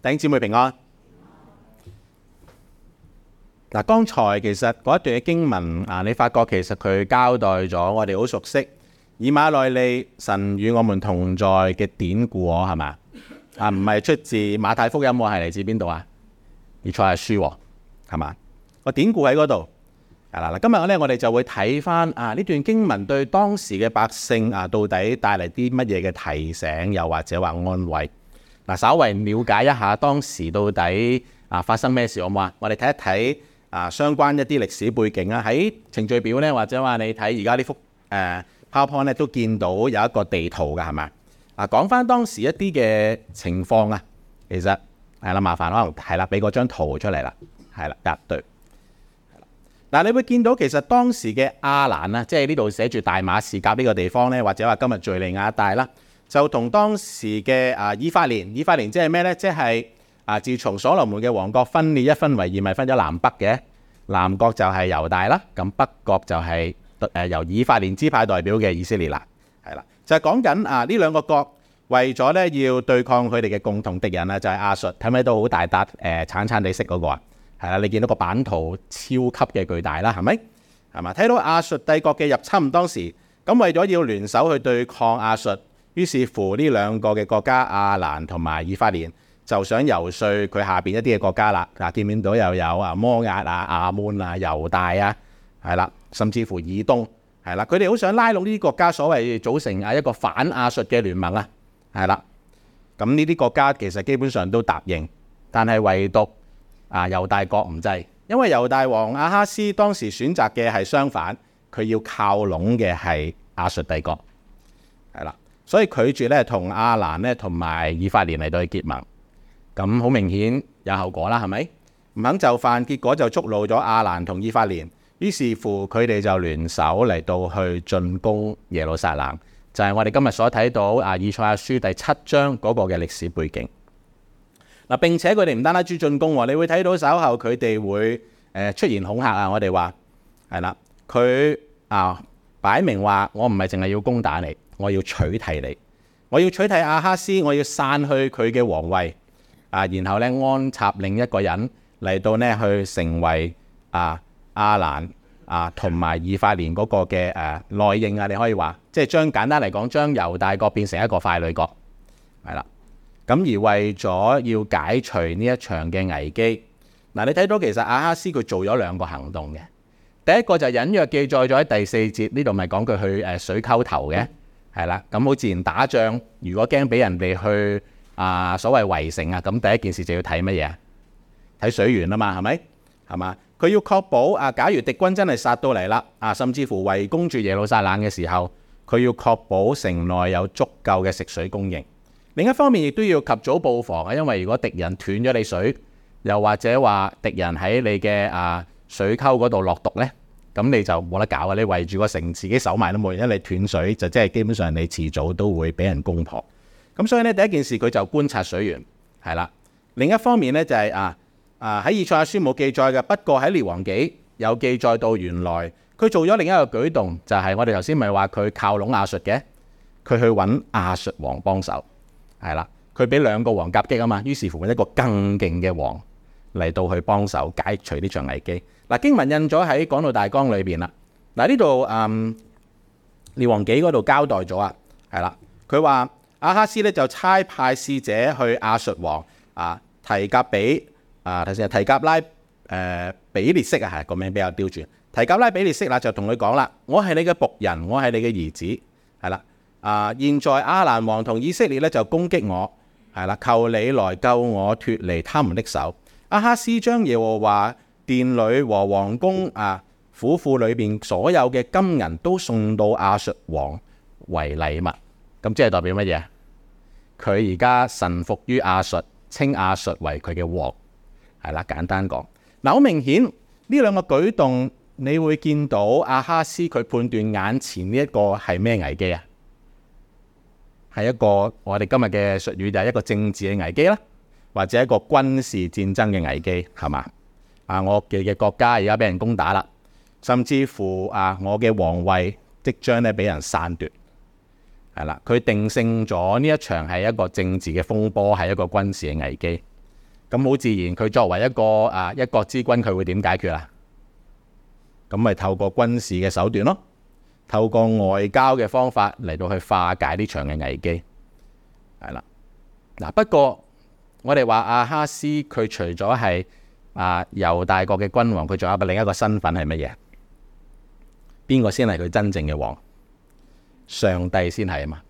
弟兄姊妹平安。嗱、啊，剛才其實嗰一段嘅經文啊，你發覺其實佢交代咗我哋好熟悉以馬內利神與我們同在嘅典故，我係嘛？啊，唔係出自馬太福音，我係嚟自邊度啊？以賽亞書、啊，係嘛？個典故喺嗰度。係啦，嗱，今日咧我哋就會睇翻啊呢段經文對當時嘅百姓啊，到底帶嚟啲乜嘢嘅提醒，又或者話安慰？嗱，稍為瞭解一下當時到底啊發生咩事，好唔好啊？我哋睇一睇啊相關一啲歷史背景啦。喺程序表咧，或者話你睇而家呢幅誒、呃、PowerPoint 咧，都見到有一個地圖嘅，係咪啊？講翻當時一啲嘅情況啊，其實係啦，麻煩可能係啦，俾嗰張圖出嚟啦，係啦，答對。嗱、啊，你會見到其實當時嘅亞蘭啦，即係呢度寫住大馬士革呢個地方咧，或者話今日敍利亞一帶啦。就同當時嘅啊，以法蓮，以法蓮即係咩呢？即係啊，自從所羅門嘅王國分裂一分為二，咪分咗南北嘅。南國就係猶大啦，咁北國就係誒由以法蓮支派代表嘅以色列啦，係啦。就係講緊啊呢兩個國為咗呢要對抗佢哋嘅共同敵人啊，就係亞述。睇唔睇到好大笪誒、呃、橙橙地色嗰、那個啊？係啦，你見到個版圖超級嘅巨大啦，係咪係嘛？睇到亞述帝國嘅入侵當時咁，為咗要聯手去對抗亞述。於是乎，呢兩個嘅國家，阿蘭同埋以法蓮，就想游說佢下邊一啲嘅國家啦。嗱，見唔見到又有啊摩押啊、亞門啊、猶大啊，係啦，甚至乎以東，係啦，佢哋好想拉攏呢啲國家，所謂組成啊一個反亞述嘅聯盟啊，係啦。咁呢啲國家其實基本上都答應，但係唯獨啊猶大國唔制，因為猶大王亞哈斯當時選擇嘅係相反，佢要靠攏嘅係亞述帝國。所以拒絕咧，同阿蘭咧同埋以法蓮嚟到去結盟，咁好明顯有後果啦，係咪？唔肯就範，結果就觸怒咗阿蘭同以法蓮，於是乎佢哋就聯手嚟到去進攻耶路撒冷，就係我哋今日所睇到啊，以賽亞書第七章嗰個嘅歷史背景。嗱，並且佢哋唔單單只進攻喎，你會睇到稍後佢哋會誒出現恐嚇啊！我哋話係啦，佢啊擺明話我唔係淨係要攻打你。我要取替你，我要取替阿哈斯，我要散去佢嘅皇位啊，然後咧安插另一個人嚟到咧去成為啊阿蘭啊同埋以法蓮嗰個嘅誒內應啊，你可以話，即係將簡單嚟講，將猶大國變成一個傀儡國，係啦。咁而為咗要解除呢一場嘅危機，嗱、啊、你睇到其實阿哈斯佢做咗兩個行動嘅，第一個就隱約記載咗喺第四節呢度，咪講佢去誒、啊、水溝頭嘅。係啦，咁好自然打仗，如果驚俾人哋去啊所謂圍城啊，咁第一件事就要睇乜嘢？睇水源啊嘛，係咪？係嘛？佢要確保啊，假如敵軍真係殺到嚟啦，啊甚至乎圍攻住耶路撒冷嘅時候，佢要確保城內有足夠嘅食水供應。另一方面亦都要及早佈防啊，因為如果敵人斷咗你水，又或者話敵人喺你嘅啊水溝嗰度落毒呢。咁你就冇得搞啊！你圍住個城自己守埋都冇用，因為你斷水就即係基本上你遲早都會俾人攻破。咁所以呢，第一件事佢就觀察水源，係啦。另一方面呢，就係、是、啊啊喺《以賽亞書》冇記載嘅，不過喺《列王紀》有記載到原來佢做咗另一個舉動，就係、是、我哋頭先咪話佢靠攏亞述嘅，佢去揾亞述王幫手，係啦。佢俾兩個王夾擊啊嘛，於是乎一個更勁嘅王。嚟到去幫手解除呢場危機嗱，經文印咗喺《講道大綱》裏邊啦。嗱呢度嗯，列王紀嗰度交代咗啊，係啦，佢話亞哈斯咧就差派使者去亞述王啊提格比啊，睇先啊提格拉誒比列色啊，係個名比較刁鑽提格拉比列色啦，就同佢講啦：我係你嘅僕人，我係你嘅兒子，係啦啊。現在亞蘭王同以色列咧就攻擊我，係啦，求你來救我，脫離他們的手。阿哈斯將耶和華殿和皇宮、啊、裏和王宮啊府庫裏邊所有嘅金銀都送到亞述王為禮物，咁即係代表乜嘢？佢而家臣服於亞述，稱亞述為佢嘅王，係啦。簡單講，嗱好明顯呢兩個舉動，你會見到阿哈斯佢判斷眼前呢一個係咩危機啊？係一個我哋今日嘅術語就係一個政治嘅危機啦。或者一個軍事戰爭嘅危機係嘛？啊，我嘅嘅國家而家俾人攻打啦，甚至乎啊，我嘅皇位即將咧俾人篡奪，係啦。佢定性咗呢一場係一個政治嘅風波，係一個軍事嘅危機。咁好自然，佢作為一個啊一國之君，佢會點解決啊？咁咪透過軍事嘅手段咯，透過外交嘅方法嚟到去化解呢場嘅危機，係啦。嗱不過，我哋話阿哈斯佢除咗係啊猶大國嘅君王，佢仲有另一個身份係乜嘢？邊個先係佢真正嘅王？上帝先係啊嘛，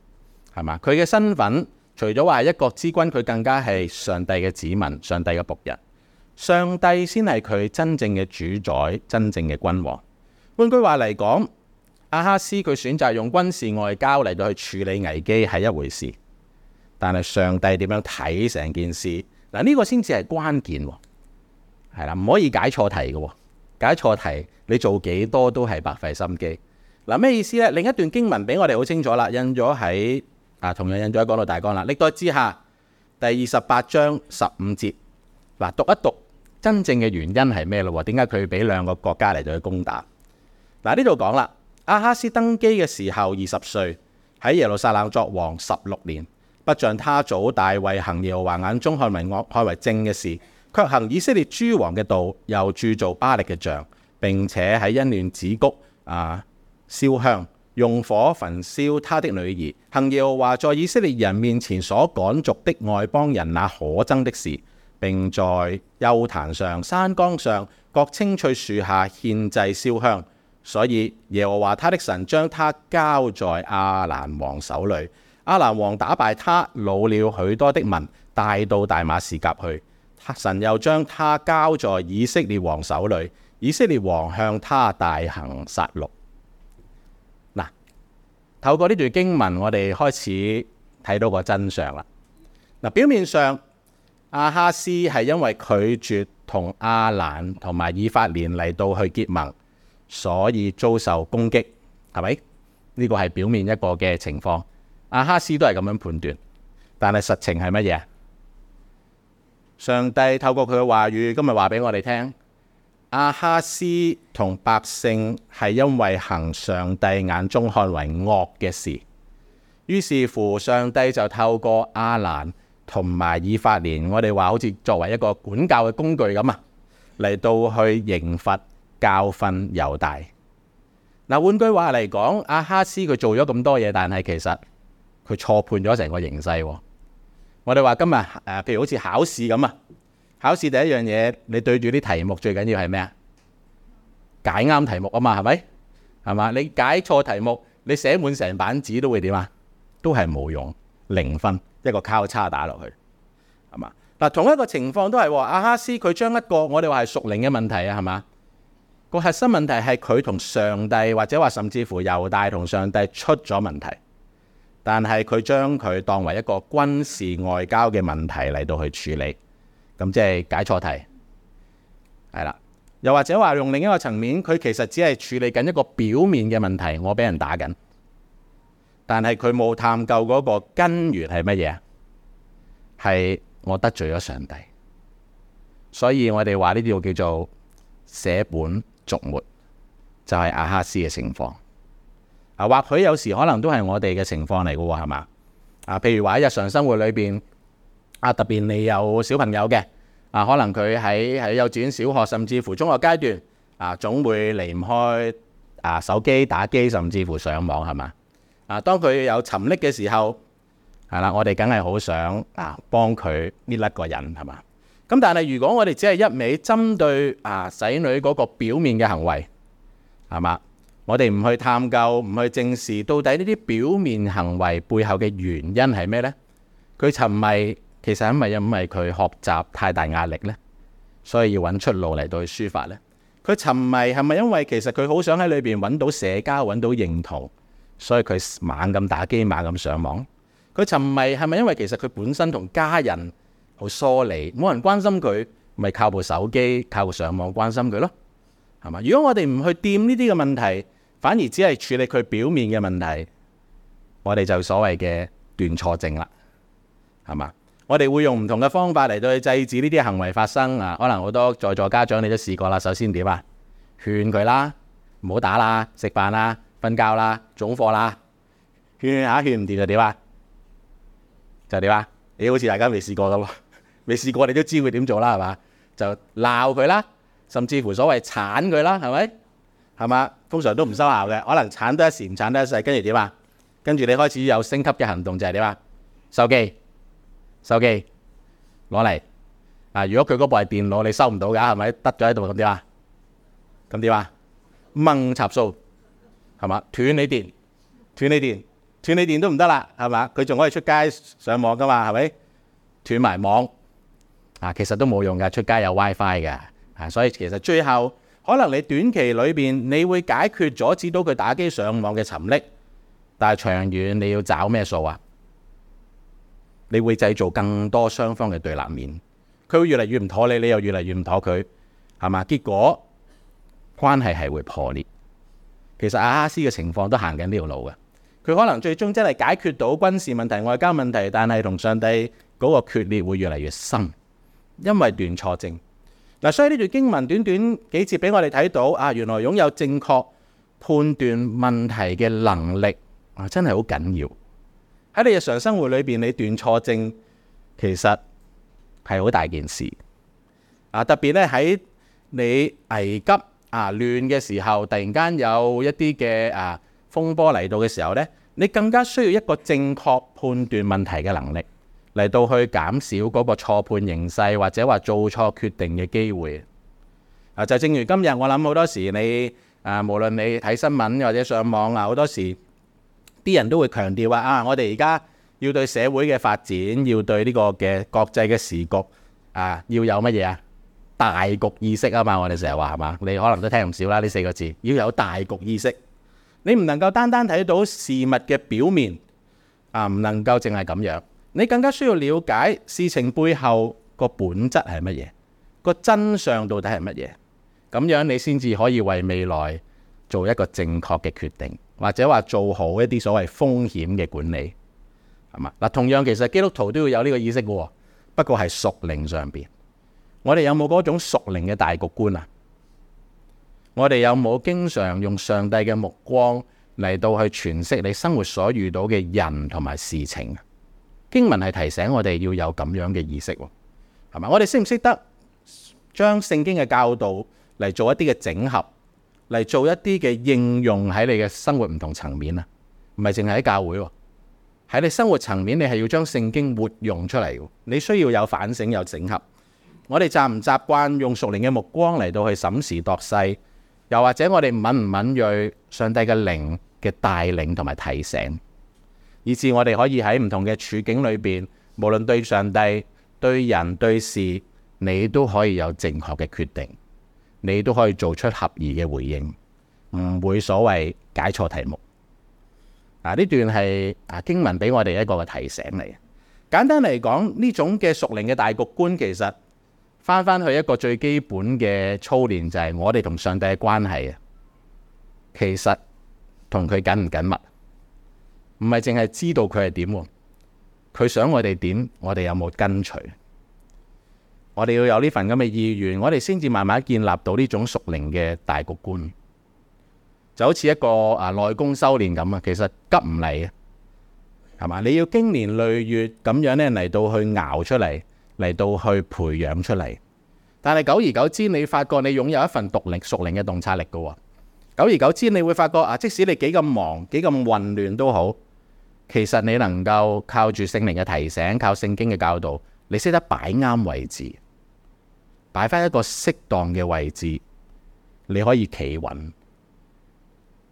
係嘛？佢嘅身份除咗話一國之君，佢更加係上帝嘅子民，上帝嘅僕人。上帝先係佢真正嘅主宰，真正嘅君王。換句話嚟講，阿哈斯佢選擇用軍事外交嚟到去處理危機係一回事。但係上帝點樣睇成件事嗱？呢、呢個先至係關鍵喎，係啦，唔可以解錯題嘅，解錯題你做幾多都係白費心機。嗱，咩意思呢？另一段經文俾我哋好清楚啦，印咗喺啊，同樣印咗喺《講道大綱》啦，《歷代志下》第二十八章十五節。嗱，讀一讀真正嘅原因係咩咯？點解佢俾兩個國家嚟到去攻打嗱？呢度講啦，亞哈斯登基嘅時候二十歲，喺耶路撒冷作王十六年。不像他祖大衛行耶和華眼中看為惡、看為正嘅事，却行以色列諸王嘅道，又鑄造巴力嘅像，並且喺欣嫩子谷啊燒香，用火焚燒他的女兒。行耶和華在以色列人面前所趕逐的外邦人那可憎的事，並在丘壇上、山崗上、各青翠樹下獻祭燒香。所以耶和華他的神將他交在亞蘭王手裏。亞蘭王打敗他，擄了許多的民，帶到大馬士革去。神又將他交在以色列王手裏，以色列王向他大行殺戮。嗱，透過呢段經文，我哋開始睇到個真相啦。嗱，表面上亞哈斯係因為拒絕同亞蘭同埋以法蓮嚟到去結盟，所以遭受攻擊，係咪？呢個係表面一個嘅情況。阿哈斯都係咁樣判斷，但係實情係乜嘢？上帝透過佢嘅話語今日話俾我哋聽，阿哈斯同百姓係因為行上帝眼中看為惡嘅事，於是乎，上帝就透過亞蘭同埋以法蓮，我哋話好似作為一個管教嘅工具咁啊，嚟到去刑罰教訓猶大。嗱，換句話嚟講，阿哈斯佢做咗咁多嘢，但係其實。佢錯判咗成個形勢喎、哦，我哋話今日誒、啊，譬如好似考試咁啊，考試第一樣嘢，你對住啲題目最緊要係咩啊？解啱題目啊嘛，係咪？係嘛？你解錯題目，你寫滿成版紙都會點啊？都係冇用，零分一個交叉打落去，係嘛？嗱、啊，同一個情況都係阿、啊、哈斯佢將一個我哋話係屬靈嘅問題啊，係嘛？個核心問題係佢同上帝或者話甚至乎猶大同上帝出咗問題。但係佢將佢當為一個軍事外交嘅問題嚟到去處理，咁即係解錯題，係啦。又或者話用另一個層面，佢其實只係處理緊一個表面嘅問題，我俾人打緊，但係佢冇探究嗰個根源係乜嘢，係我得罪咗上帝，所以我哋話呢啲叫叫做寫本逐末，就係阿哈斯嘅情況。啊，或許有時可能都係我哋嘅情況嚟嘅喎，係嘛？啊，譬如話喺日常生活裏邊，啊特別你有小朋友嘅，啊可能佢喺喺幼稚園、小學甚至乎中學階段，啊總會離唔開啊手機、打機甚至乎上網，係嘛？啊，當佢有沉溺嘅時候，係啦，我哋梗係好想啊幫佢撇甩個癮，係嘛？咁但係如果我哋只係一味針對啊仔女嗰個表面嘅行為，係嘛？我哋唔去探究，唔去正視，到底呢啲表面行為背後嘅原因係咩呢？佢沉迷其實係咪因因為佢學習太大壓力呢，所以要揾出路嚟到去抒發呢？佢沉迷係咪因為其實佢好想喺裏邊揾到社交、揾到認同，所以佢猛咁打機、猛咁上網？佢沉迷係咪因為其實佢本身同家人好疏離，冇人關心佢，咪靠部手機、靠上網關心佢咯？係嘛？如果我哋唔去掂呢啲嘅問題，反而只係處理佢表面嘅問題，我哋就所謂嘅斷錯症啦，係嘛？我哋會用唔同嘅方法嚟對制止呢啲行為發生啊！可能好多在座家長你都試過啦。首先點啊？勸佢啦，唔好打啦，食飯啦，瞓覺啦，總課啦，勸下勸唔掂就點啊？就點啊？你好似大家未試過咁咯？未試過你都知會點做啦係嘛？就鬧佢啦，甚至乎所謂鏟佢啦係咪？係嘛？通常都唔收效嘅，可能產得一時唔產得一世，跟住點啊？跟住你開始有升級嘅行動就係點啊？手機，手機，攞嚟啊！如果佢嗰部係電腦，你收唔到㗎，係咪？得咗喺度咁點啊？咁點啊？掹插蘇係嘛？斷你電，斷你電，斷你電都唔得啦，係嘛？佢仲可以出街上網㗎嘛？係咪？斷埋網啊，其實都冇用㗎，出街有 WiFi 㗎啊，所以其實最後。可能你短期裏邊你會解決阻止到佢打機上網嘅沉溺，但係長遠你要找咩數啊？你會製造更多雙方嘅對立面，佢會越嚟越唔妥你，你又越嚟越唔妥佢，係嘛？結果關係係會破裂。其實阿哈斯嘅情況都行緊呢條路嘅，佢可能最終真係解決到軍事問題、外交問題，但係同上帝嗰個決裂會越嚟越深，因為斷錯症。嗱，所以呢段經文短短幾節，俾我哋睇到啊，原來擁有正確判斷問題嘅能力啊，真係好緊要。喺你日常生活裏邊，你斷錯症其實係好大件事啊。特別咧喺你危急啊亂嘅時候，突然間有一啲嘅啊風波嚟到嘅時候呢，你更加需要一個正確判斷問題嘅能力。嚟到去減少嗰個錯判形勢，或者話做錯決定嘅機會啊！就正如今日，我諗好多時你，你啊，無論你睇新聞或者上網啊，好多時啲人都會強調話，啊，我哋而家要對社會嘅發展，要對呢個嘅國際嘅時局啊，要有乜嘢啊？大局意識啊嘛！我哋成日話係嘛，你可能都聽唔少啦呢四個字，要有大局意識。你唔能夠單單睇到事物嘅表面啊，唔能夠淨係咁樣。你更加需要了解事情背後個本質係乜嘢，個真相到底係乜嘢，咁樣你先至可以為未來做一個正確嘅決定，或者話做好一啲所謂風險嘅管理，係嘛？嗱，同樣其實基督徒都要有呢個意識嘅，不過係屬靈上邊，我哋有冇嗰種屬靈嘅大局觀啊？我哋有冇經常用上帝嘅目光嚟到去詮釋你生活所遇到嘅人同埋事情？經文係提醒我哋要有咁樣嘅意識喎，係嘛？我哋識唔識得將聖經嘅教導嚟做一啲嘅整合，嚟做一啲嘅應用喺你嘅生活唔同層面啊？唔係淨係喺教會喎，喺你生活層面，你係要將聖經活用出嚟。你需要有反省，有整合。我哋習唔習慣用屬靈嘅目光嚟到去審時度勢，又或者我哋敏唔敏鋭上帝嘅靈嘅帶領同埋提醒？以至我哋可以喺唔同嘅處境裏邊，無論對上帝、對人、對事，你都可以有正確嘅決定，你都可以做出合宜嘅回應，唔會所謂解錯題目。嗱，呢段係啊經文俾我哋一個提醒嚟。簡單嚟講，呢種嘅屬靈嘅大局觀，其實返返去一個最基本嘅操練，就係我哋同上帝嘅關係啊。其實同佢緊唔緊密？唔係淨係知道佢係點，佢想我哋點，我哋有冇跟隨？我哋要有呢份咁嘅意願，我哋先至慢慢建立到呢種屬靈嘅大局觀，就好似一個啊內功修煉咁啊。其實急唔嚟嘅係嘛，你要經年累月咁樣呢嚟到去熬出嚟，嚟到去培養出嚟。但係久而久之，你發覺你擁有一份獨立屬靈嘅洞察力，嘅喎。久而久之，你會發覺啊，即使你幾咁忙、幾咁混亂都好。其實你能夠靠住聖靈嘅提醒，靠聖經嘅教導，你識得擺啱位置，擺翻一個適當嘅位置，你可以企穩。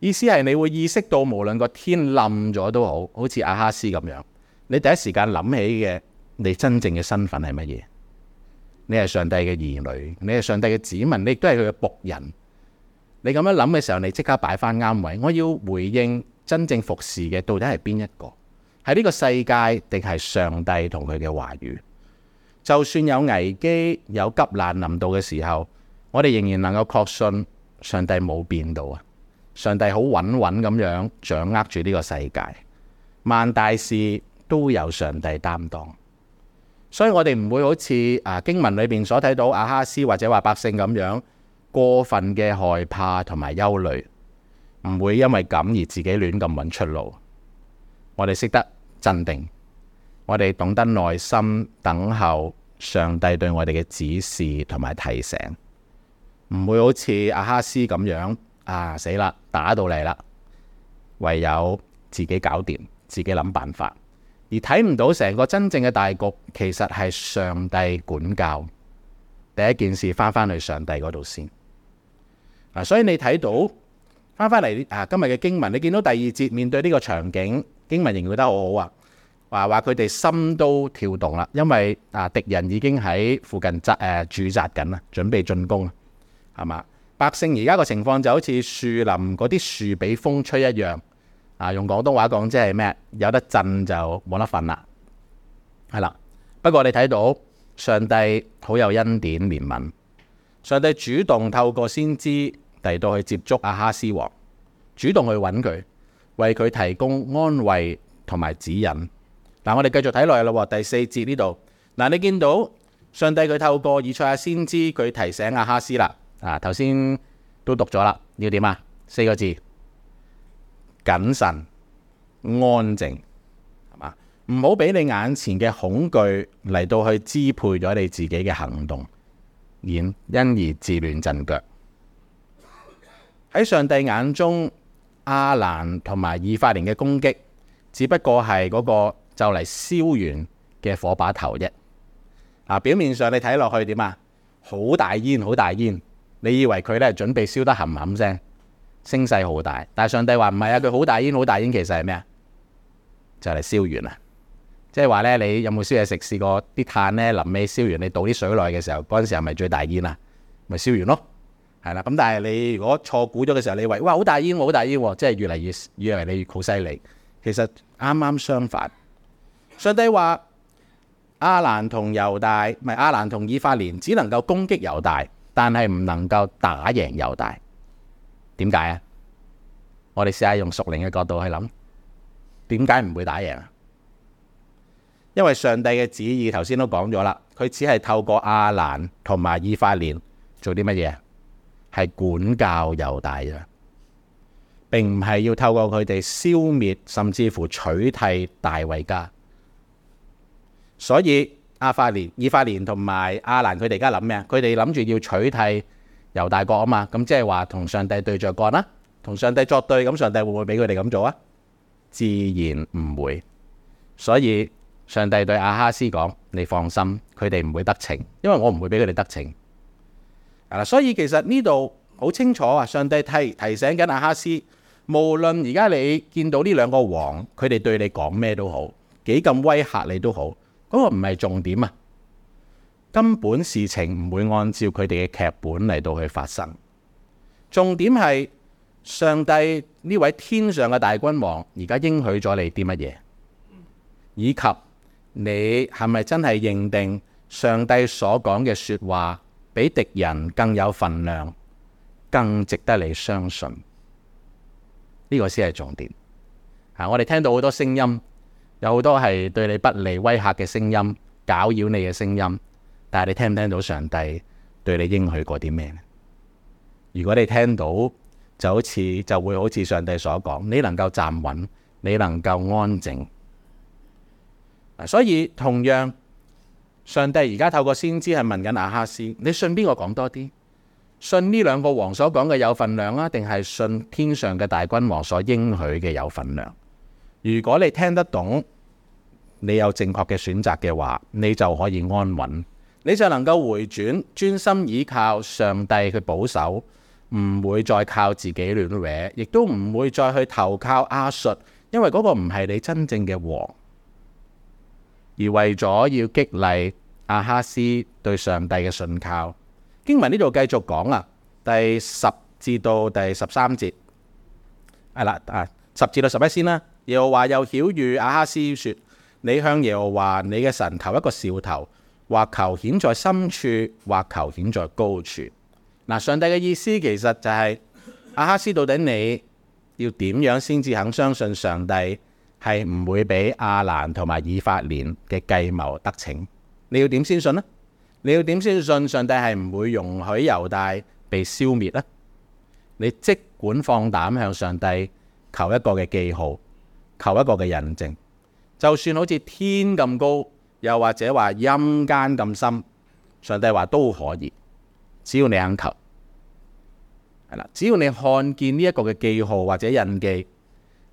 意思係你會意識到，無論個天冧咗都好，好似亞哈斯咁樣，你第一時間諗起嘅你真正嘅身份係乜嘢？你係上帝嘅兒女，你係上帝嘅子民，你亦都係佢嘅僕人。你咁樣諗嘅時候，你即刻擺翻啱位。我要回應。真正服侍嘅到底係邊一個？喺呢個世界定係上帝同佢嘅話語？就算有危機有急難臨到嘅時候，我哋仍然能夠確信上帝冇變到啊！上帝好穩穩咁樣掌握住呢個世界，萬大事都有上帝擔當，所以我哋唔會好似啊經文裏邊所睇到阿哈斯或者話百姓咁樣過分嘅害怕同埋憂慮。唔會因為咁而自己亂咁揾，出路，我哋識得鎮定，我哋懂得耐心等候上帝對我哋嘅指示同埋提醒，唔會好似阿哈斯咁樣啊，死啦，打到你啦，唯有自己搞掂，自己諗辦法，而睇唔到成個真正嘅大局，其實係上帝管教，第一件事翻返去上帝嗰度先，嗱，所以你睇到。翻翻嚟啊！今日嘅經文，你見到第二節面對呢個場景，經文形容得好好啊！話話佢哋心都跳動啦，因為啊敵人已經喺附近紮誒駐紮緊啦，準備進攻啦，係嘛？百姓而家個情況就好似樹林嗰啲樹俾風吹一樣啊！用廣東話講，即係咩？有得震就冇得瞓啦，係啦。不過你睇到上帝好有恩典憐憫，上帝主動透過先知。嚟到去接觸阿哈斯王，主動去揾佢，為佢提供安慰同埋指引。嗱，我哋繼續睇落去啦，第四節呢度。嗱，你見到上帝佢透過以賽亞先知，佢提醒阿哈斯啦。啊，頭先都讀咗啦，要點啊？四個字：謹慎、安靜，係嘛？唔好俾你眼前嘅恐懼嚟到去支配咗你自己嘅行動，而因而自亂陣腳。喺上帝眼中，亞蘭同埋以法蓮嘅攻擊，只不過係嗰個就嚟燒完嘅火把頭啫。啊，表面上你睇落去點啊？好大煙，好大煙。你以為佢咧準備燒得冚冚聲，聲勢好大。但係上帝話唔係啊，佢好大煙，好大煙，其實係咩啊？就嚟、是、燒完啦。即係話咧，你有冇燒嘢食？試過啲炭咧臨尾燒完，你倒啲水落去嘅時候，嗰陣時候咪最大煙啊，咪燒完咯。係啦，咁但係你如果錯估咗嘅時候，你話哇，好大腰，好大腰，即係越嚟越越嚟你越好犀利。其實啱啱相反，上帝話亞蘭同猶大，唔係亞蘭同以法蓮，只能夠攻擊猶大，但係唔能夠打贏猶大。點解啊？我哋試下用屬靈嘅角度去諗，點解唔會打贏啊？因為上帝嘅旨意頭先都講咗啦，佢只係透過亞蘭同埋以法蓮做啲乜嘢。係管教猶大啫，並唔係要透過佢哋消滅甚至乎取替大衛家。所以亞法連、以法蓮同埋亞蘭佢哋而家諗咩啊？佢哋諗住要取替猶大國啊嘛。咁即係話同上帝對著幹啦，同上帝作對，咁上帝會唔會俾佢哋咁做啊？自然唔會。所以上帝對亞哈斯講：你放心，佢哋唔會得逞，因為我唔會俾佢哋得逞。所以其實呢度好清楚啊，上帝提提醒緊阿哈斯，無論而家你見到呢兩個王，佢哋對你講咩都好，幾咁威嚇你都好，嗰個唔係重點啊。根本事情唔會按照佢哋嘅劇本嚟到去發生。重點係上帝呢位天上嘅大君王，而家應許咗你啲乜嘢，以及你係咪真係認定上帝所講嘅説話？比敵人更有份量，更值得你相信，呢個先係重點。啊，我哋聽到好多聲音，有好多係對你不利、威嚇嘅聲音、攪擾你嘅聲音，但係你聽唔聽到上帝對你應許過啲咩？如果你聽到，就好似就會好似上帝所講，你能夠站穩，你能夠安靜。所以同樣。上帝而家透過先知係問緊亞哈斯，你信邊個講多啲？信呢兩個王所講嘅有份量啊，定係信天上嘅大君王所應許嘅有份量？如果你聽得懂，你有正確嘅選擇嘅話，你就可以安穩，你就能夠回轉，專心倚靠上帝去保守，唔會再靠自己亂搲，亦都唔會再去投靠亞述，因為嗰個唔係你真正嘅王。而為咗要激勵阿哈斯對上帝嘅信靠，經文呢度繼續講啦，第十至到第十三節，係啦啊，十至到十一先啦。 耶和華又曉諭阿哈斯說：你向耶和華你嘅神求一個兆頭，或求顯在深處，或求顯在高處。嗱，上帝嘅意思其實就係、是、阿哈斯，到底你要點樣先至肯相信上帝？係唔會俾亞蘭同埋以法蓮嘅計謀得逞？你要點先信呢？你要點先信上帝係唔會容許猶大被消滅呢？你即管放膽向上帝求一個嘅記號，求一個嘅印證，就算好似天咁高，又或者話陰間咁深，上帝話都可以，只要你肯求，係啦，只要你看見呢一個嘅記號或者印記。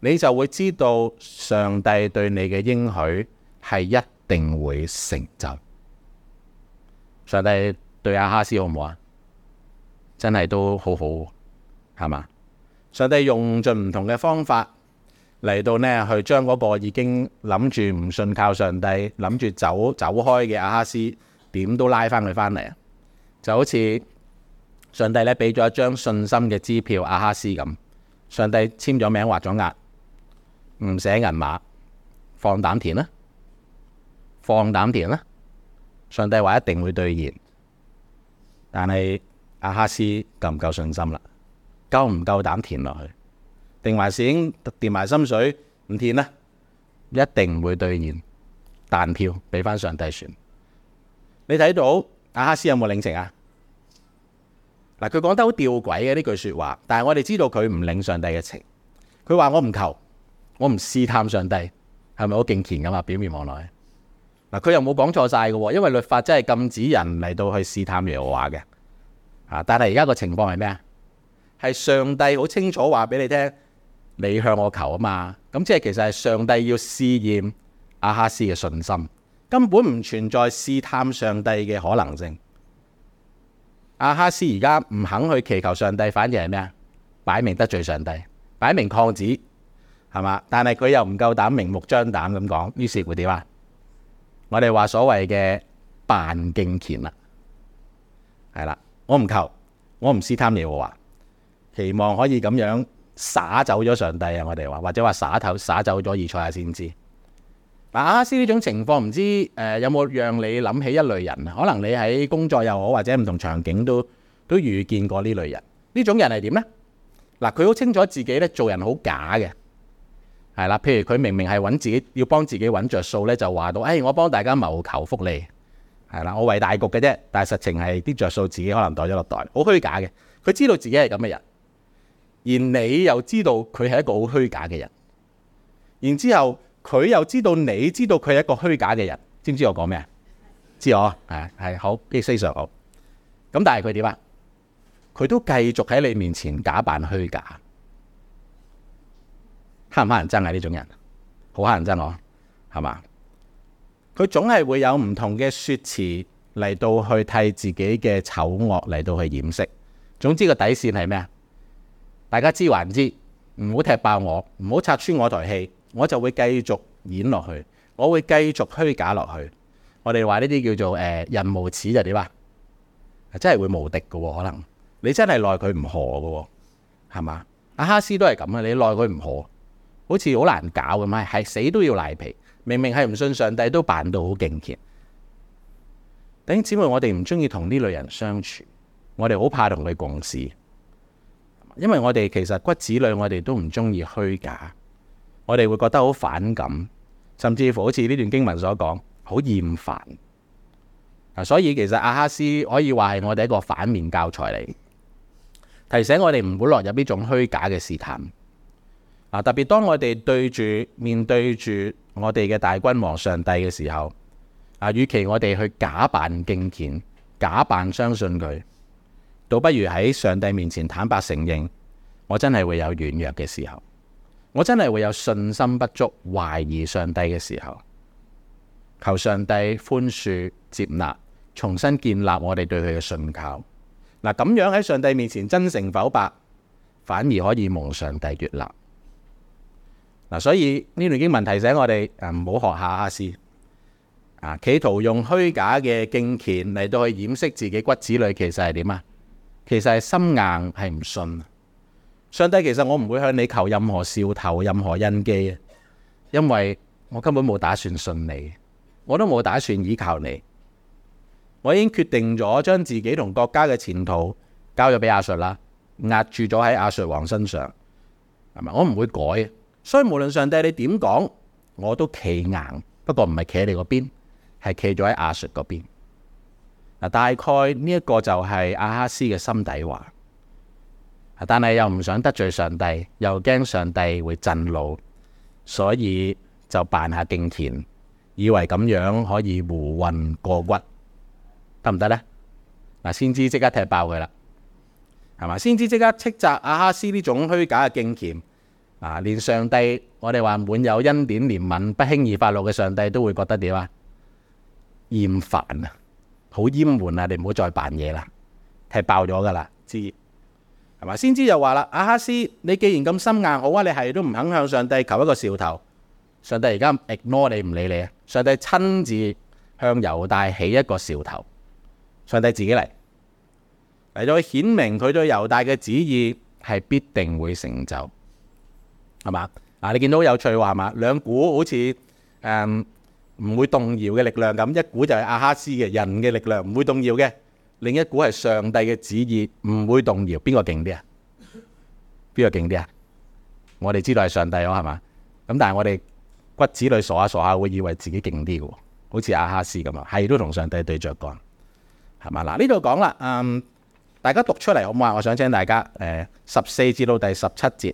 你就會知道上帝對你嘅應許係一定會成就。上帝對阿哈斯好唔好，好啊？真係都好好，係嘛？上帝用盡唔同嘅方法嚟到呢，去將嗰個已經諗住唔信靠上帝、諗住走走開嘅阿哈斯，點都拉翻佢返嚟啊！就好似上帝呢俾咗一張信心嘅支票，阿哈斯咁，上帝簽咗名、畫咗押。唔寫銀碼，放膽填啦，放膽填啦！上帝話一定會兌現，但係阿哈斯夠唔夠信心啦？夠唔夠膽填落去？定還是已經掂埋心水唔填啦？一定唔會兌現，彈票俾翻上帝算。你睇到阿哈斯有冇領情啊？嗱，佢講得好吊詭嘅呢句說話，但係我哋知道佢唔領上帝嘅情。佢話我唔求。我唔試探上帝，係咪好敬虔噶嘛？表面望來嗱，佢又冇講錯晒噶，因為律法真係禁止人嚟到去試探耶和華嘅。啊，但係而家個情況係咩啊？係上帝好清楚話俾你聽，你向我求啊嘛。咁、嗯、即係其實係上帝要試驗阿哈斯嘅信心，根本唔存在試探上帝嘅可能性。阿哈斯而家唔肯去祈求上帝，反而係咩啊？擺明得罪上帝，擺明抗旨。係嘛？但係佢又唔夠膽明目張膽咁講，於是會點啊？我哋話所謂嘅扮敬虔啦，係啦，我唔求，我唔試探你嘅話，期望可以咁樣撒走咗上帝啊！我哋話，或者話撒透撒走咗以賽亞先知。嗱、啊，亞斯呢種情況唔知誒、呃、有冇讓你諗起一類人，可能你喺工作又好，或者唔同場景都都遇見過呢類人。呢種人係點呢？嗱、啊，佢好清楚自己咧做人好假嘅。係啦，譬如佢明明係搵自己要幫自己搵着數呢，就話到：誒、哎，我幫大家謀求福利，係啦，我為大局嘅啫。但係實情係啲着數自己可能袋咗落袋，好虛假嘅。佢知道自己係咁嘅人，而你又知道佢係一個好虛假嘅人。然之後佢又知道你知道佢係一個虛假嘅人，知唔知我講咩？知我，係，係好，非常好。咁但係佢點啊？佢都繼續喺你面前假扮虛假。黑唔黑人憎啊？呢種人好黑人憎我，係嘛？佢總係會有唔同嘅說辭嚟,到去替自己嘅醜惡嚟到去掩飾。總之個底線係咩啊？大家知還唔知？唔好踢爆我，唔好拆穿我台戲，我就會繼續演落去，我會繼續虛假落去。我哋話呢啲叫做誒、呃、人無恥就點啊？真係會無敵噶可能，你真係奈佢唔何噶，係嘛？阿哈斯都係咁啊，你耐佢唔何。好似好難搞咁，係係死都要賴皮，明明係唔信上帝都扮到好敬虔。頂姊妹，我哋唔中意同呢類人相處，我哋好怕同佢共事，因為我哋其實骨子裏我哋都唔中意虛假，我哋會覺得好反感，甚至乎好似呢段經文所講，好厭煩。所以其實阿哈斯可以話係我哋一個反面教材嚟，提醒我哋唔好落入呢種虛假嘅試探。啊！特別當我哋對住面對住我哋嘅大君王上帝嘅時候，啊，與其我哋去假扮敬虔、假扮相信佢，倒不如喺上帝面前坦白承認，我真係會有軟弱嘅時候，我真係會有信心不足、懷疑上帝嘅時候，求上帝寬恕、接納，重新建立我哋對佢嘅信靠。嗱，咁樣喺上帝面前真誠剖白，反而可以蒙上帝悅納。嗱，所以呢段經文提醒我哋，誒、啊，唔好學亞哈斯，啊，企圖用虛假嘅敬虔嚟到去掩飾自己骨子裏其實係點啊？其實係心硬，係唔信。上帝，其實我唔會向你求任何兆頭、任何印記，因為我根本冇打算信你，我都冇打算依靠你。我已經決定咗將自己同國家嘅前途交咗俾亞述啦，壓住咗喺亞述王身上，係咪？我唔會改。所以無論上帝你點講，我都企硬。不過唔係企喺你嗰邊，係企咗喺亞述嗰邊。嗱，大概呢一個就係阿哈斯嘅心底話。但係又唔想得罪上帝，又驚上帝會震怒，所以就扮下敬虔，以為咁樣可以胡混過骨，得唔得呢？嗱，先知即刻踢爆佢啦，係嘛？先知即刻斥責阿哈斯呢種虛假嘅敬虔。啊！連上帝，我哋話滿有恩典憐憫、不輕易發怒嘅上帝，都會覺得點啊？厭煩啊！好厭悶啊！你唔好再扮嘢啦，係爆咗噶啦！知係咪？先知就話啦，亞哈斯，你既然咁心硬，好啊！你係都唔肯向上帝求一個兆頭，上帝而家 ignore 你，唔理你啊！上帝親自向猶大起一個兆頭，上帝自己嚟嚟到顯明佢對猶大嘅旨意係必定會成就。係嘛？嗱，你見到有趣，話嘛？兩股好似誒唔會動搖嘅力量咁，一股就係亞哈斯嘅人嘅力量，唔會動搖嘅；另一股係上帝嘅旨意，唔會動搖。邊個勁啲啊？邊個勁啲啊？我哋知道係上帝咯，係嘛？咁但係我哋骨子裏傻下傻下會以為自己勁啲嘅，好似亞哈斯咁啊，係都同上帝對着幹，係嘛？嗱，呢度講啦，嗯，大家讀出嚟，好唔好啊？我想請大家誒，十四至到第十七節。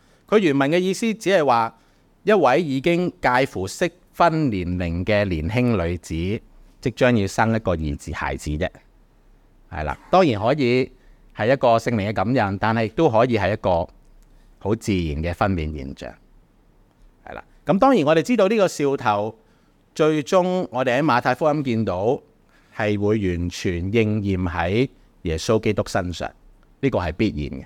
佢原文嘅意思只係話一位已經介乎適婚年齡嘅年輕女子，即將要生一個兒子孩子啫。係啦，當然可以係一個姓名嘅感人，但係亦都可以係一個好自然嘅分娩現象。係啦，咁當然我哋知道呢個兆頭，最終我哋喺馬太福音見到係會完全應驗喺耶穌基督身上，呢個係必然嘅。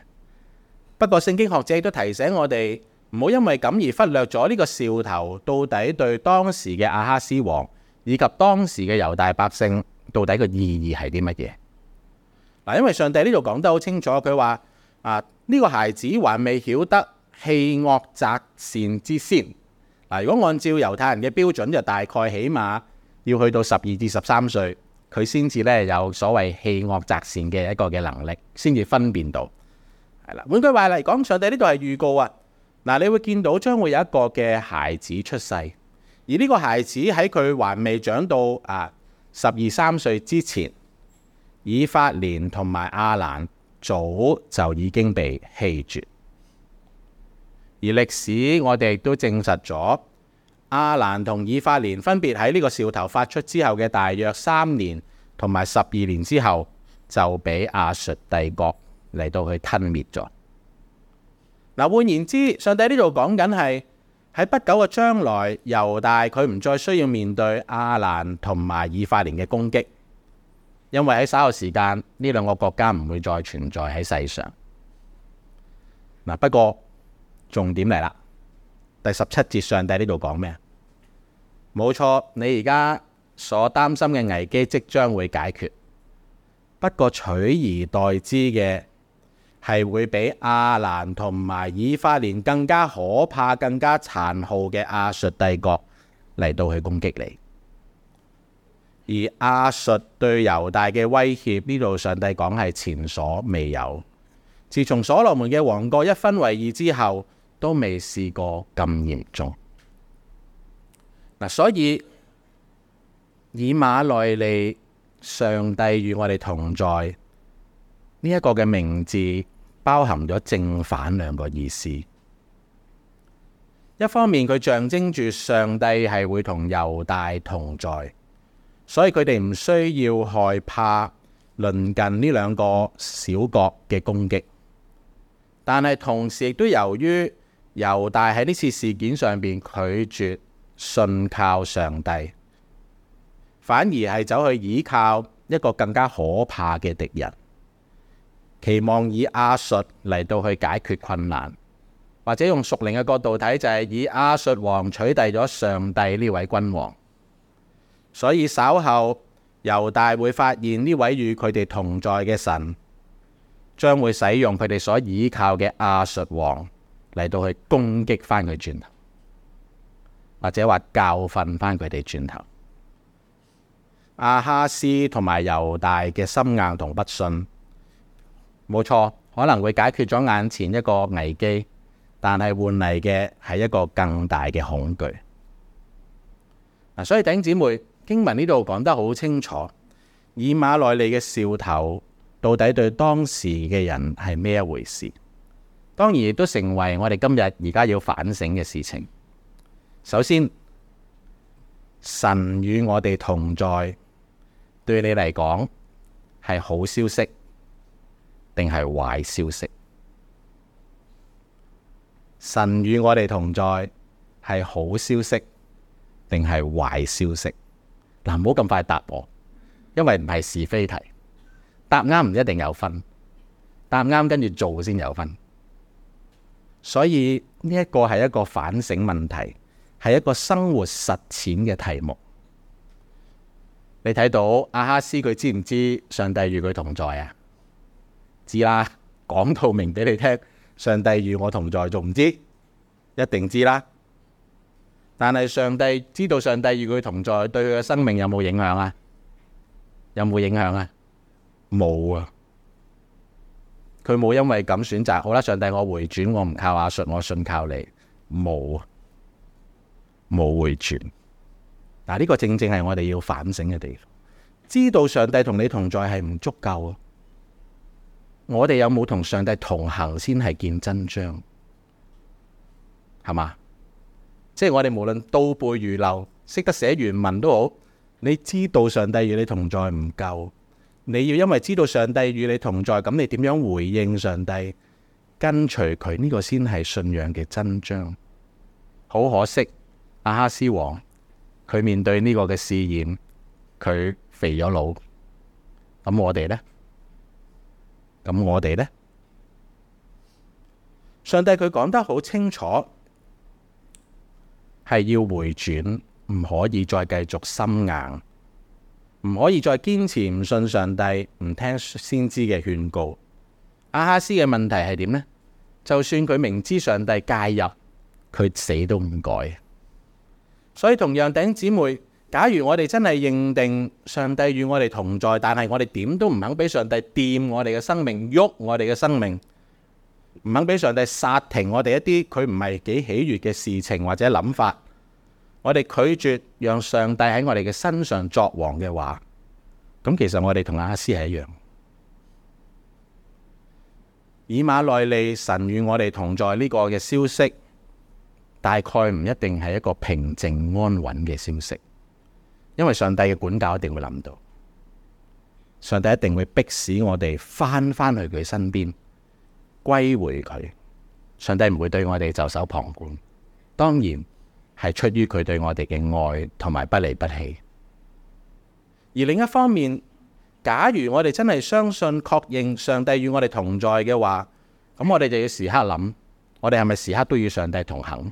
不過，聖經學者亦都提醒我哋唔好因為咁而忽略咗呢個兆頭到底對當時嘅亞哈斯王以及當時嘅猶大百姓到底個意義係啲乜嘢？嗱，因為上帝呢度講得好清楚，佢話啊，呢、呢個孩子還未曉得棄惡擇善之先。嗱，如果按照猶太人嘅標準，就大概起碼要去到十二至十三歲，佢先至呢有所謂棄惡擇善嘅一個嘅能力，先至分辨到。係啦，換句話嚟講，上帝呢度係預告啊！嗱，你會見到將會有一個嘅孩子出世，而呢個孩子喺佢還未長到啊十二三歲之前，以法蓮同埋亞蘭早就已經被棄絕。而歷史我哋亦都證實咗，亞蘭同以法蓮分別喺呢個兆頭發出之後嘅大約三年同埋十二年之後，就俾亞述帝國。嚟到佢吞滅咗。嗱，換言之，上帝呢度講緊係喺不久嘅將來，猶大佢唔再需要面對亞蘭同埋以法蓮嘅攻擊，因為喺稍後時間呢兩個國家唔會再存在喺世上。嗱，不過重點嚟啦，第十七節上帝呢度講咩？冇錯，你而家所擔心嘅危機即將會解決，不過取而代之嘅。係會比亞蘭同埋以法蓮更加可怕、更加殘酷嘅亞述帝國嚟到去攻擊你，而亞述對猶大嘅威脅，呢度上帝講係前所未有。自從所羅門嘅王國一分為二之後，都未試過咁嚴重。嗱、啊，所以以馬內利，上帝與我哋同在呢一、這個嘅名字。包含咗正反兩個意思。一方面，佢象徵住上帝係會同猶大同在，所以佢哋唔需要害怕鄰近呢兩個小國嘅攻擊。但係同時亦都由於猶大喺呢次事件上面拒絕信靠上帝，反而係走去倚靠一個更加可怕嘅敵人。期望以阿術嚟到去解決困難，或者用屬靈嘅角度睇，就係、是、以阿術王取代咗上帝呢位君王。所以稍後猶大會發現呢位與佢哋同在嘅神，將會使用佢哋所倚靠嘅阿術王嚟到去攻擊翻佢轉頭，或者話教訓翻佢哋轉頭。阿哈斯同埋猶大嘅心硬同不信。冇錯，可能會解決咗眼前一個危機，但係換嚟嘅係一個更大嘅恐懼。所以弟兄姊妹，經文呢度講得好清楚，以馬內利嘅兆頭到底對當時嘅人係咩一回事？當然亦都成為我哋今日而家要反省嘅事情。首先，神與我哋同在，對你嚟講係好消息。定係壞消息？神與我哋同在，係好消息，定係壞消息？嗱，唔好咁快答我，因為唔係是,是非題，答啱唔一定有分，答啱跟住做先有分。所以呢一個係一個反省問題，係一個生活實踐嘅題目。你睇到阿哈斯，佢知唔知上帝與佢同在啊？知啦，講到明俾你聽，上帝與我同在，仲唔知？一定知啦。但係上帝知道上帝與佢同在，對佢嘅生命有冇影響啊？有冇影響啊？有冇影響啊？冇啊！佢冇因為咁選擇。好啦，上帝，我回轉，我唔靠阿術，我信靠你。冇，冇回轉。嗱，呢個正正係我哋要反省嘅地方。知道上帝同你同在係唔足夠。我哋有冇同上帝同行先係見真章，係嘛？即係我哋無論倒背如流，識得寫原文都好，你知道上帝與你同在唔夠，你要因為知道上帝與你同在，咁你點樣回應上帝，跟隨佢，呢個先係信仰嘅真章。好可惜，阿哈斯王佢面對呢個嘅試驗，佢肥咗腦。咁我哋咧？咁我哋呢，上帝佢講得好清楚，係要回轉，唔可以再繼續心硬，唔可以再堅持唔信上帝，唔聽先知嘅勸告。亞哈斯嘅問題係點呢？就算佢明知上帝介入，佢死都唔改。所以同樣頂姊妹，假如我哋真係認定上帝與我哋同在，但係我哋點都唔肯俾上帝掂我哋嘅生命，喐我哋嘅生命，唔肯俾上帝煞停我哋一啲佢唔係幾喜悅嘅事情或者諗法，我哋拒絕讓上帝喺我哋嘅身上作王嘅話，咁其實我哋同亞哈斯係一樣。以馬內利，神與我哋同在呢個嘅消息，大概唔一定係一個平靜安穩嘅消息。因為上帝嘅管教一定會諗到，上帝一定會迫使我哋翻返去佢身邊，歸回佢。上帝唔會對我哋袖手旁觀，當然係出於佢對我哋嘅愛同埋不離不棄。而另一方面，假如我哋真係相信、確認上帝與我哋同在嘅話，咁我哋就要時刻諗，我哋係咪時刻都與上帝同行？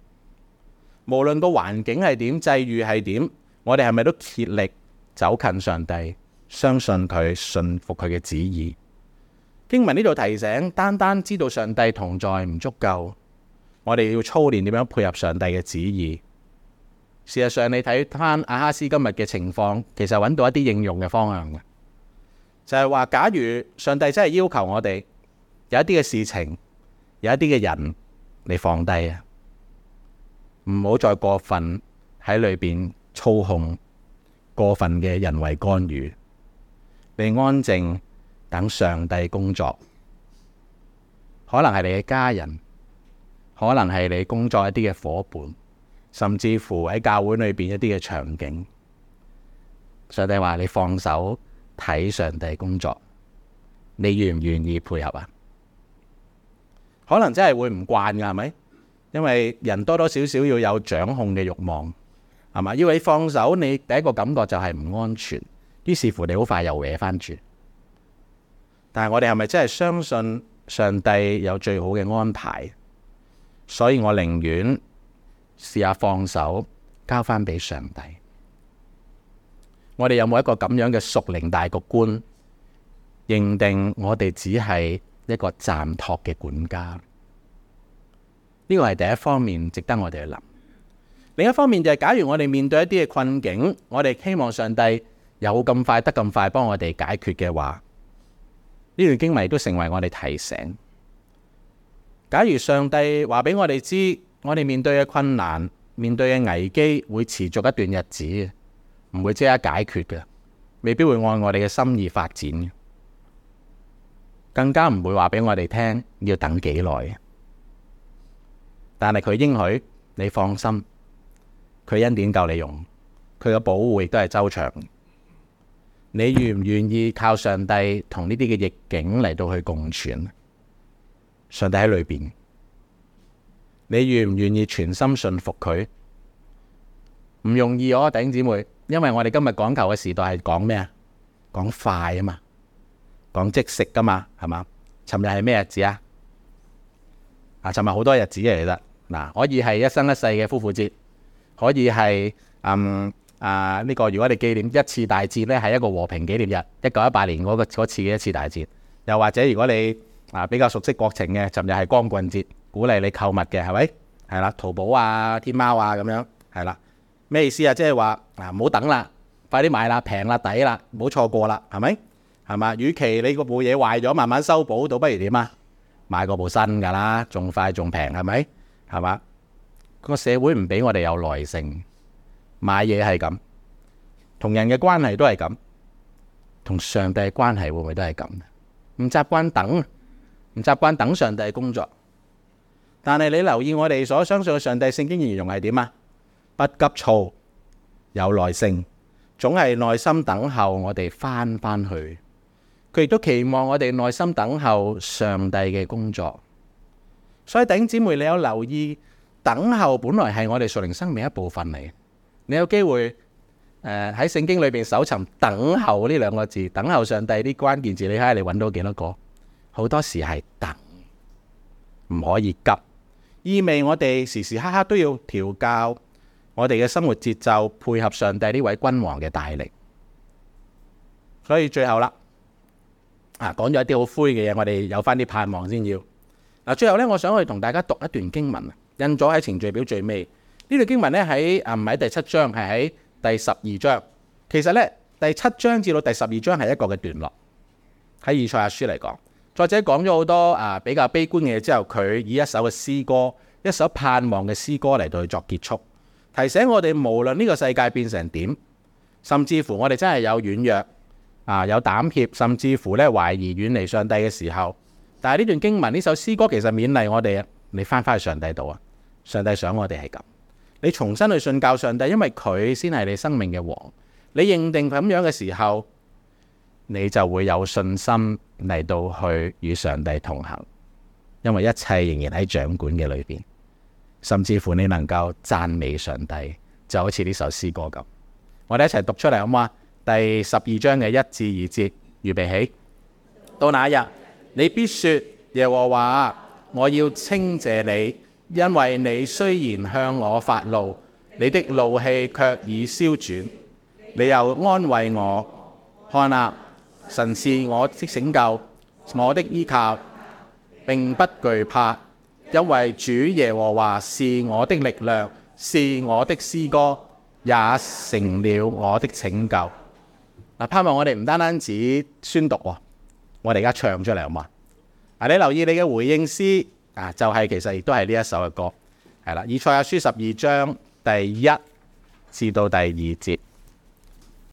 無論個環境係點，際遇係點。我哋係咪都竭力走近上帝，相信佢，信服佢嘅旨意？經文呢度提醒，單單知道上帝同在唔足夠，我哋要操練點樣配合上帝嘅旨意。事實上，你睇翻阿哈斯今日嘅情況，其實揾到一啲應用嘅方向嘅，就係話，假如上帝真係要求我哋有一啲嘅事情，有一啲嘅人，你放低啊，唔好再過分喺裏邊。操控過分嘅人為干預，你安靜等上帝工作，可能係你嘅家人，可能係你工作一啲嘅夥伴，甚至乎喺教會裏邊一啲嘅場景。上帝話你放手睇上帝工作，你願唔願意配合啊？可能真係會唔慣㗎，係咪？因為人多多少少要有掌控嘅慾望。係嘛？因為你放手，你第一個感覺就係唔安全，於是乎你好快又歪翻轉。但係我哋係咪真係相信上帝有最好嘅安排？所以我寧願試下放手，交翻俾上帝。我哋有冇一個咁樣嘅屬靈大局觀，認定我哋只係一個暫託嘅管家？呢個係第一方面，值得我哋去諗。另一方面就係，假如我哋面對一啲嘅困境，我哋希望上帝有咁快得咁快幫我哋解決嘅話，呢段經文都成為我哋提醒。假如上帝話俾我哋知，我哋面對嘅困難、面對嘅危機會持續一段日子，唔會即刻解決嘅，未必會按我哋嘅心意發展，更加唔會話俾我哋聽要等幾耐。但係佢應許你放心。佢恩典夠你用，佢嘅保護亦都係周詳。你願唔願意靠上帝同呢啲嘅逆境嚟到去共存？上帝喺裏邊，你願唔願意全心信服佢？唔容易啊，弟兄姊妹，因為我哋今日講求嘅時代係講咩啊？講快啊嘛，講即食噶嘛，係嘛？尋日係咩日子啊？啊，尋日好多日子嚟，啊、嘅，嗱可以係一生一世嘅夫婦節。可以係嗯啊呢個，如果你紀念一次大戰咧，係一個和平紀念日，一九一八年嗰個嗰次嘅一次大戰。又或者如果你啊比較熟悉國情嘅，尋日係光棍節，鼓勵你購物嘅，係咪？係啦，淘寶啊、天貓啊咁樣，係啦。咩意思啊？即係話啊，唔好等啦，快啲買啦，平啦，抵啦，唔好錯過啦，係咪？係嘛？與其你個部嘢壞咗，慢慢修補到，不如點啊？買個部新㗎啦，仲快仲平，係咪？係嘛？個社會唔俾我哋有耐性，買嘢係咁，同人嘅關係都係咁，同上帝嘅關係會唔會都係咁？唔習慣等，唔習慣等上帝嘅工作。但係你留意我哋所相信嘅上帝，聖經形容係點啊？不急躁，有耐性，總係耐心等候我哋翻返去。佢亦都期望我哋耐心等候上帝嘅工作。所以弟兄姊妹，你有留意？等候本來係我哋屬靈生命一部分嚟。你有機會喺聖經裏面搜尋等候呢兩個字，等候上帝呢關鍵字，你睇下你揾到幾多個？好多時係等，唔可以急，意味我哋時時刻刻都要調教我哋嘅生活節奏，配合上帝呢位君王嘅帶領。所以最後啦，啊，講咗一啲好灰嘅嘢，我哋有返啲盼望先要嗱。最後呢，我想去同大家讀一段經文。印咗喺程序表最尾呢段經文咧，喺啊唔係第七章，係喺第十二章。其實咧第七章至到第十二章係一個嘅段落，喺以賽亞書嚟講，作者講咗好多啊比較悲觀嘅嘢之後，佢以一首嘅詩歌，一首盼望嘅詩歌嚟到去作結束，提醒我哋無論呢個世界變成點，甚至乎我哋真係有軟弱啊有膽怯，甚至乎咧懷疑遠,遠離上帝嘅時候，但係呢段經文呢首詩歌其實勉勵我哋啊。你翻返去上帝度啊！上帝想我哋係咁，你重新去信教上帝，因為佢先係你生命嘅王。你認定咁樣嘅時候，你就會有信心嚟到去與上帝同行，因為一切仍然喺掌管嘅裏邊，甚至乎你能夠讚美上帝，就好似呢首詩歌咁。我哋一齊讀出嚟好嘛？第十二章嘅一至二節，預備起。到那一日，你必說耶和華。我要稱謝你，因為你雖然向我發怒，你的怒氣卻已消轉。你又安慰我，看啊，神是我的拯救，我的依靠，並不懼怕，因為主耶和華是我的力量，是我的詩歌，也成了我的拯救。嗱、啊，盼望我哋唔單單止宣讀、哦，我哋而家唱出嚟好嘛？啊！你留意你嘅回應詩啊，就係、是、其實亦都係呢一首嘅歌，係啦，《以賽亞書》十二章第一至到第二節。